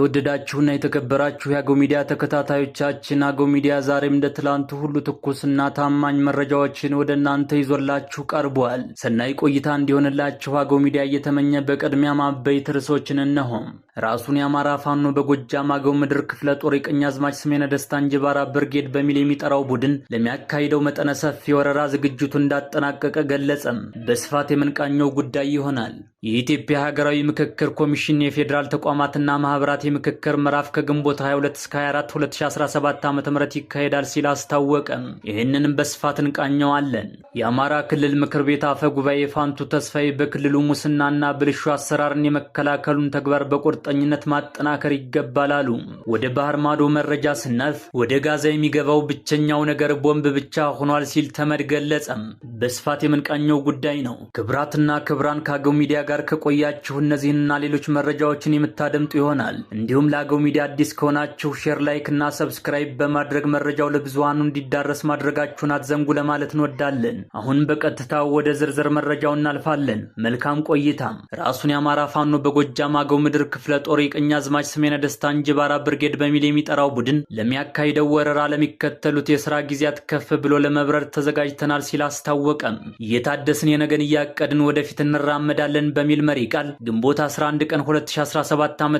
የተወደዳችሁና የተከበራችሁ የአገው ሚዲያ ተከታታዮቻችን አገው ሚዲያ ዛሬም እንደ ትላንቱ ሁሉ ትኩስና ታማኝ መረጃዎችን ወደ እናንተ ይዞላችሁ ቀርቧል። ሰናይ ቆይታ እንዲሆንላችሁ አገው ሚዲያ እየተመኘ በቅድሚያ ማበይት ርዕሶችን እነሆም። ራሱን የአማራ ፋኖ በጎጃም አገው ምድር ክፍለ ጦር አዝማች ስሜነ ደስታ እንጅባራ ብርጌድ በሚል የሚጠራው ቡድን ለሚያካሂደው መጠነ ሰፊ ወረራ ዝግጅቱ እንዳጠናቀቀ ገለጸም። በስፋት የምንቃኘው ጉዳይ ይሆናል። የኢትዮጵያ ሀገራዊ ምክክር ኮሚሽን የፌዴራል ተቋማትና ማህበራት የምክክር ምዕራፍ ከግንቦት 22 እስከ 24 2017 ዓ ም ይካሄዳል ሲል አስታወቀ። ይህንንም በስፋት እንቃኘዋለን። የአማራ ክልል ምክር ቤት አፈ ጉባኤ ፋንቱ ተስፋዬ በክልሉ ሙስናና ብልሹ አሰራርን የመከላከሉን ተግባር በቁርጠኝነት ማጠናከር ይገባል አሉ። ወደ ባህር ማዶ መረጃ ስናልፍ ወደ ጋዛ የሚገባው ብቸኛው ነገር ቦምብ ብቻ ሆኗል ሲል ተመድ ገለጸም። በስፋት የምንቃኘው ጉዳይ ነው። ክብራትና ክብራን ካገው ሚዲያ ጋር ከቆያችሁ እነዚህንና ሌሎች መረጃዎችን የምታደምጡ ይሆናል። እንዲሁም ለአገው ሚዲያ አዲስ ከሆናችሁ ሼር፣ ላይክ እና ሰብስክራይብ በማድረግ መረጃው ለብዙሃኑ እንዲዳረስ ማድረጋችሁን አትዘንጉ ለማለት እንወዳለን። አሁን በቀጥታ ወደ ዝርዝር መረጃው እናልፋለን። መልካም ቆይታም። ራሱን የአማራ ፋኖ በጎጃም አገው ምድር ክፍለ ጦር አዝማች ስሜነ ደስታ እንጅባራ ብርጌድ በሚል የሚጠራው ቡድን ለሚያካሂደው ወረራ ለሚከተሉት የስራ ጊዜያት ከፍ ብሎ ለመብረር ተዘጋጅተናል ሲል አስታወቀም። እየታደስን የነገን እያቀድን ወደፊት እንራመዳለን በሚል መሪ ቃል ግንቦት 11 ቀን 2017 ዓ.ም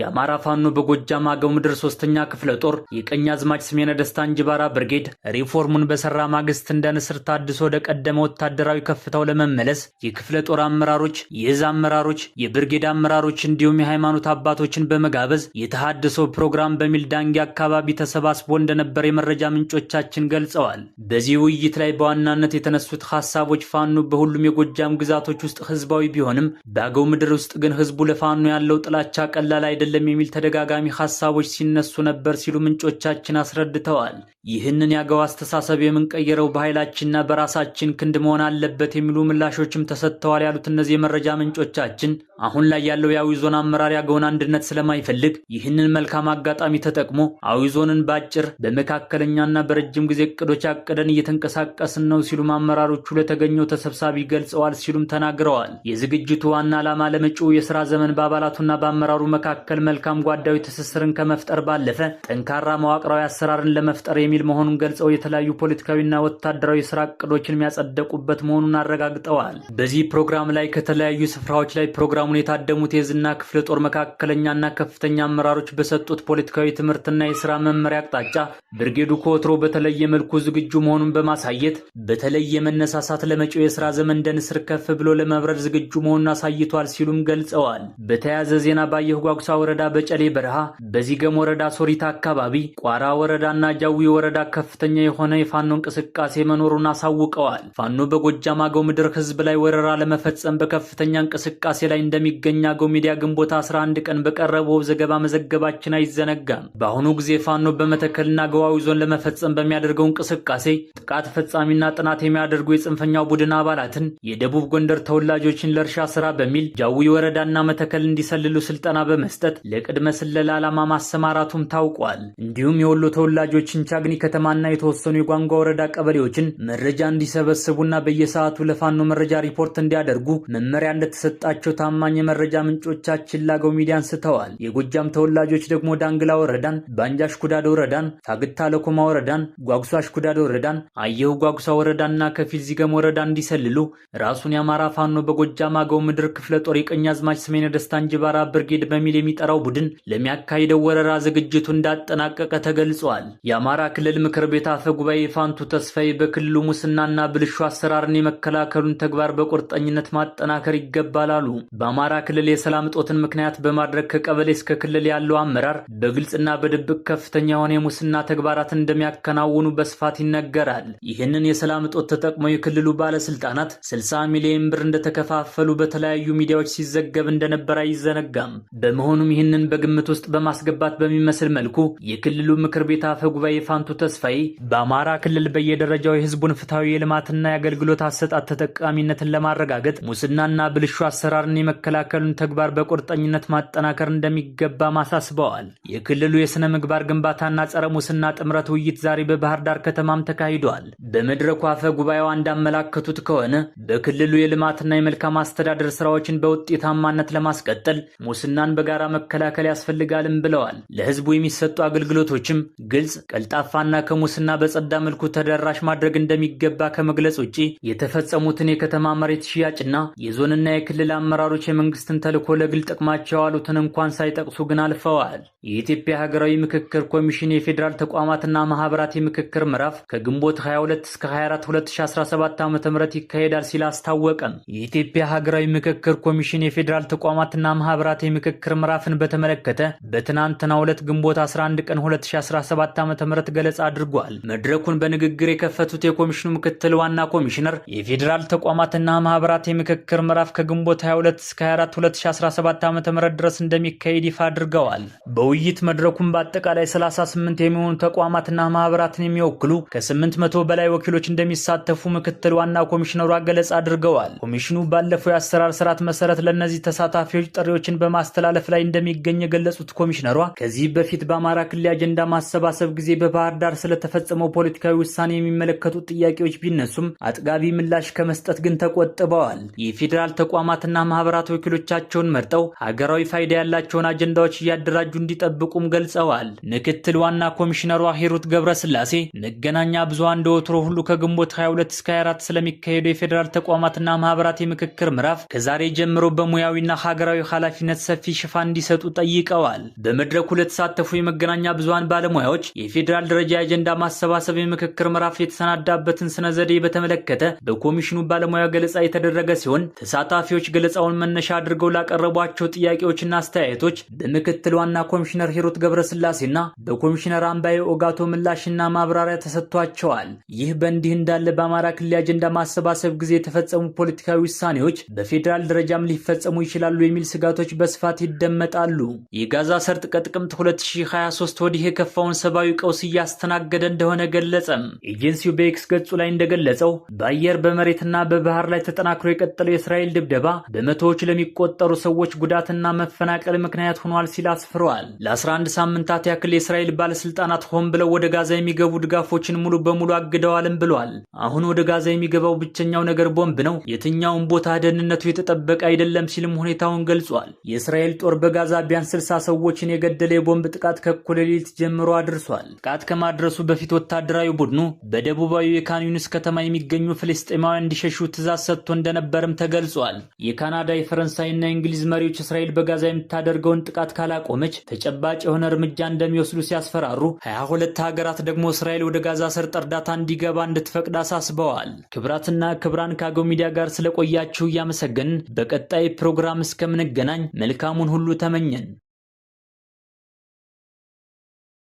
የአማራ ፋኖ በጎጃም አገው ምድር ሶስተኛ ክፍለ ጦር የቀኝ አዝማች ስሜነ ደስታ እንጅባራ ብርጌድ ሪፎርሙን በሰራ ማግስት እንደ ንስር ታድሶ ወደ ቀደመ ወታደራዊ ከፍታው ለመመለስ የክፍለ ጦር አመራሮች፣ የእዝ አመራሮች፣ የብርጌድ አመራሮች እንዲሁም የሃይማኖት አባቶችን በመጋበዝ የተሃድሶ ፕሮግራም በሚል ዳንጌ አካባቢ ተሰባስቦ እንደነበር የመረጃ ምንጮቻችን ገልጸዋል። በዚህ ውይይት ላይ በዋናነት የተነሱት ሀሳቦች ፋኖ በሁሉም የጎጃም ግዛቶች ውስጥ ህዝባዊ ቢሆን ቢሆንም በአገው ምድር ውስጥ ግን ህዝቡ ለፋኖ ያለው ጥላቻ ቀላል አይደለም የሚል ተደጋጋሚ ሀሳቦች ሲነሱ ነበር ሲሉ ምንጮቻችን አስረድተዋል። ይህንን የአገው አስተሳሰብ የምንቀየረው በኃይላችንና በራሳችን ክንድ መሆን አለበት የሚሉ ምላሾችም ተሰጥተዋል ያሉት እነዚህ የመረጃ ምንጮቻችን አሁን ላይ ያለው የአዊ ዞን አመራር ያገውን አንድነት ስለማይፈልግ ይህንን መልካም አጋጣሚ ተጠቅሞ አዊ ዞንን በአጭር በመካከለኛና በረጅም ጊዜ እቅዶች አቅደን እየተንቀሳቀስን ነው ሲሉም አመራሮቹ ለተገኘው ተሰብሳቢ ገልጸዋል ሲሉም ተናግረዋል። የዝግጅ የድርጅቱ ዋና ዓላማ ለመጪው የሥራ ዘመን በአባላቱና በአመራሩ መካከል መልካም ጓዳዊ ትስስርን ከመፍጠር ባለፈ ጠንካራ መዋቅራዊ አሰራርን ለመፍጠር የሚል መሆኑን ገልጸው የተለያዩ ፖለቲካዊና ወታደራዊ የሥራ እቅዶችን የሚያጸደቁበት መሆኑን አረጋግጠዋል። በዚህ ፕሮግራም ላይ ከተለያዩ ስፍራዎች ላይ ፕሮግራሙን የታደሙት የዝና ክፍለ ጦር መካከለኛና ከፍተኛ አመራሮች በሰጡት ፖለቲካዊ ትምህርትና የሥራ መመሪያ አቅጣጫ ብርጌዱ ከወትሮ በተለየ መልኩ ዝግጁ መሆኑን በማሳየት በተለየ መነሳሳት ለመጪው የሥራ ዘመን እንደ ንስር ከፍ ብሎ ለመብረር ዝግጁ መሆኑ መሆኑን አሳይቷል ሲሉም ገልጸዋል። በተያያዘ ዜና ባየሁ ጓጉሳ ወረዳ በጨሌ በረሃ፣ በዚገም ወረዳ ሶሪታ አካባቢ፣ ቋራ ወረዳና ጃዊ ወረዳ ከፍተኛ የሆነ የፋኖ እንቅስቃሴ መኖሩን አሳውቀዋል። ፋኖ በጎጃም አገው ምድር ህዝብ ላይ ወረራ ለመፈጸም በከፍተኛ እንቅስቃሴ ላይ እንደሚገኝ አገው ሚዲያ ግንቦት 11 ቀን በቀረበው ዘገባ መዘገባችን አይዘነጋም። በአሁኑ ጊዜ ፋኖ በመተከልና ገዋዊ ዞን ለመፈጸም በሚያደርገው እንቅስቃሴ ጥቃት ፈጻሚና ጥናት የሚያደርጉ የጽንፈኛው ቡድን አባላትን የደቡብ ጎንደር ተወላጆችን ለእርሻ ስራ በሚል ጃዊ ወረዳና መተከል እንዲሰልሉ ስልጠና በመስጠት ለቅድመ ስለላ ዓላማ ማሰማራቱም ታውቋል። እንዲሁም የወሎ ተወላጆች ቻግኒ ከተማና የተወሰኑ የጓንጓ ወረዳ ቀበሌዎችን መረጃ እንዲሰበስቡና በየሰዓቱ ለፋኖ መረጃ ሪፖርት እንዲያደርጉ መመሪያ እንደተሰጣቸው ታማኝ የመረጃ ምንጮቻችን ላገው ሚዲያ አንስተዋል። የጎጃም ተወላጆች ደግሞ ዳንግላ ወረዳን፣ ባንጃሽ ኩዳድ ወረዳን፣ ፋግታ ለኮማ ወረዳን፣ ጓጉሷሽ ኩዳድ ወረዳን፣ አየሁ ጓጉሳ ወረዳና ከፊል ዚገም ወረዳ እንዲሰልሉ ራሱን የአማራ ፋኖ በጎጃም አገው የአገው ምድር ክፍለ ጦር አዝማች ስሜነ ደስታ እንጅባራ ብርጌድ በሚል የሚጠራው ቡድን ለሚያካሂደው ወረራ ዝግጅቱ እንዳጠናቀቀ ተገልጿል። የአማራ ክልል ምክር ቤት አፈ ጉባኤ ፋንቱ ተስፋዬ በክልሉ ሙስናና ብልሹ አሰራርን የመከላከሉን ተግባር በቁርጠኝነት ማጠናከር ይገባል አሉ። በአማራ ክልል የሰላም እጦትን ምክንያት በማድረግ ከቀበሌ እስከ ክልል ያለው አመራር በግልጽና በድብቅ ከፍተኛ የሆነ የሙስና ተግባራትን እንደሚያከናውኑ በስፋት ይነገራል። ይህንን የሰላም እጦት ተጠቅመው የክልሉ ባለስልጣናት 60 ሚሊዮን ብር እንደተከፋፈሉ በተለያዩ ሚዲያዎች ሲዘገብ እንደነበር አይዘነጋም። በመሆኑም ይህንን በግምት ውስጥ በማስገባት በሚመስል መልኩ የክልሉ ምክር ቤት አፈ ጉባኤ ፋንቱ ተስፋዬ በአማራ ክልል በየደረጃው የህዝቡን ፍትሐዊ የልማትና የአገልግሎት አሰጣት ተጠቃሚነትን ለማረጋገጥ ሙስናና ብልሹ አሰራርን የመከላከሉን ተግባር በቁርጠኝነት ማጠናከር እንደሚገባ ማሳስበዋል። የክልሉ የሥነ ምግባር ግንባታና ጸረ ሙስና ጥምረት ውይይት ዛሬ በባህር ዳር ከተማም ተካሂዷል። በመድረኩ አፈ ጉባኤዋ እንዳመላከቱት ከሆነ በክልሉ የልማትና የመልካም አስተዳደር የአስተዳደር ስራዎችን በውጤታማነት ለማስቀጠል ሙስናን በጋራ መከላከል ያስፈልጋልም ብለዋል። ለህዝቡ የሚሰጡ አገልግሎቶችም ግልጽ፣ ቀልጣፋና ከሙስና በጸዳ መልኩ ተደራሽ ማድረግ እንደሚገባ ከመግለጽ ውጭ የተፈጸሙትን የከተማ መሬት ሽያጭና የዞንና የክልል አመራሮች የመንግስትን ተልዕኮ ለግል ጥቅማቸው ያሉትን እንኳን ሳይጠቅሱ ግን አልፈዋል። የኢትዮጵያ ሀገራዊ ምክክር ኮሚሽን የፌዴራል ተቋማትና ማህበራት የምክክር ምዕራፍ ከግንቦት 22 እስከ 24 2017 ዓ ም ይካሄዳል ሲል አስታወቀም። የኢትዮጵያ ሀገራዊ የብሔራዊ ምክክር ኮሚሽን የፌዴራል ተቋማትና ማህበራት የምክክር ምዕራፍን በተመለከተ በትናንትናው ዕለት ግንቦት 11 ቀን 2017 ዓ ም ገለጻ አድርጓል። መድረኩን በንግግር የከፈቱት የኮሚሽኑ ምክትል ዋና ኮሚሽነር የፌዴራል ተቋማትና ማህበራት የምክክር ምዕራፍ ከግንቦት 22 እስከ 24 2017 ዓ ም ድረስ እንደሚካሄድ ይፋ አድርገዋል። በውይይት መድረኩን በአጠቃላይ 38 የሚሆኑ ተቋማትና ማህበራትን የሚወክሉ ከ800 በላይ ወኪሎች እንደሚሳተፉ ምክትል ዋና ኮሚሽነሯ ገለጻ አድርገዋል። ኮሚሽኑ ባለፈው የአሰራር ስርዓት መሰረት ለእነዚህ ተሳታፊዎች ጥሪዎችን በማስተላለፍ ላይ እንደሚገኝ የገለጹት ኮሚሽነሯ ከዚህ በፊት በአማራ ክልል አጀንዳ ማሰባሰብ ጊዜ በባህር ዳር ስለተፈጸመው ፖለቲካዊ ውሳኔ የሚመለከቱ ጥያቄዎች ቢነሱም አጥጋቢ ምላሽ ከመስጠት ግን ተቆጥበዋል። የፌዴራል ተቋማትና ማህበራት ወኪሎቻቸውን መርጠው ሀገራዊ ፋይዳ ያላቸውን አጀንዳዎች እያደራጁ እንዲጠብቁም ገልጸዋል። ምክትል ዋና ኮሚሽነሯ ሂሩት ገብረስላሴ መገናኛ ብዙሃን እንደወትሮ ሁሉ ከግንቦት 22 እስከ 24 ስለሚካሄደው የፌዴራል ተቋማትና ማህበራት የምክክር ምዕራፍ ድጋፍ ከዛሬ ጀምሮ በሙያዊና ሀገራዊ ኃላፊነት ሰፊ ሽፋን እንዲሰጡ ጠይቀዋል። በመድረኩ ለተሳተፉ የመገናኛ ብዙሃን ባለሙያዎች የፌዴራል ደረጃ የአጀንዳ ማሰባሰብ የምክክር ምዕራፍ የተሰናዳበትን ስነ ዘዴ በተመለከተ በኮሚሽኑ ባለሙያ ገለጻ የተደረገ ሲሆን ተሳታፊዎች ገለጻውን መነሻ አድርገው ላቀረቧቸው ጥያቄዎችና አስተያየቶች በምክትል ዋና ኮሚሽነር ሂሩት ገብረስላሴና በኮሚሽነር አምባዬ ኦጋቶ ምላሽና ማብራሪያ ተሰጥቷቸዋል። ይህ በእንዲህ እንዳለ በአማራ ክልል የአጀንዳ ማሰባሰብ ጊዜ የተፈጸሙ ፖለቲካዊ ውሳኔዎች በፌዴራል ደረጃም ሊፈጸሙ ይችላሉ የሚል ስጋቶች በስፋት ይደመጣሉ። የጋዛ ሰርጥ ከጥቅምት 2023 ወዲህ የከፋውን ሰብአዊ ቀውስ እያስተናገደ እንደሆነ ገለጸም። ኤጀንሲው በኤክስ ገጹ ላይ እንደገለጸው በአየር በመሬትና በባህር ላይ ተጠናክሮ የቀጠለው የእስራኤል ድብደባ በመቶዎች ለሚቆጠሩ ሰዎች ጉዳትና መፈናቀል ምክንያት ሆኗል ሲል አስፍረዋል። ለ11 ሳምንታት ያክል የእስራኤል ባለስልጣናት ሆን ብለው ወደ ጋዛ የሚገቡ ድጋፎችን ሙሉ በሙሉ አግደዋልም ብለዋል። አሁን ወደ ጋዛ የሚገባው ብቸኛው ነገር ቦምብ ነው። የትኛውን ቦታ ደህንነት ደህንነቱ የተጠበቀ አይደለም ሲልም ሁኔታውን ገልጿል። የእስራኤል ጦር በጋዛ ቢያንስ 60 ሰዎችን የገደለ የቦምብ ጥቃት ከእኩለ ሌሊት ጀምሮ አድርሷል። ጥቃት ከማድረሱ በፊት ወታደራዊ ቡድኑ በደቡባዊ የካን ከተማ የሚገኙ ፍልስጤማውያን እንዲሸሹ ትእዛዝ ሰጥቶ እንደነበርም ተገልጿል። የካናዳ የፈረንሳይና የእንግሊዝ መሪዎች እስራኤል በጋዛ የምታደርገውን ጥቃት ካላቆመች ተጨባጭ የሆነ እርምጃ እንደሚወስዱ ሲያስፈራሩ፣ 22 ሁለት ሀገራት ደግሞ እስራኤል ወደ ጋዛ ሰርጥ እርዳታ እንዲገባ እንድትፈቅድ አሳስበዋል። ክብራትና ክብራን ከአገው ሚዲያ ጋር ስለቆያችሁ እያመሰግ እያመሰገንን በቀጣይ ፕሮግራም እስከምንገናኝ መልካሙን ሁሉ ተመኘን።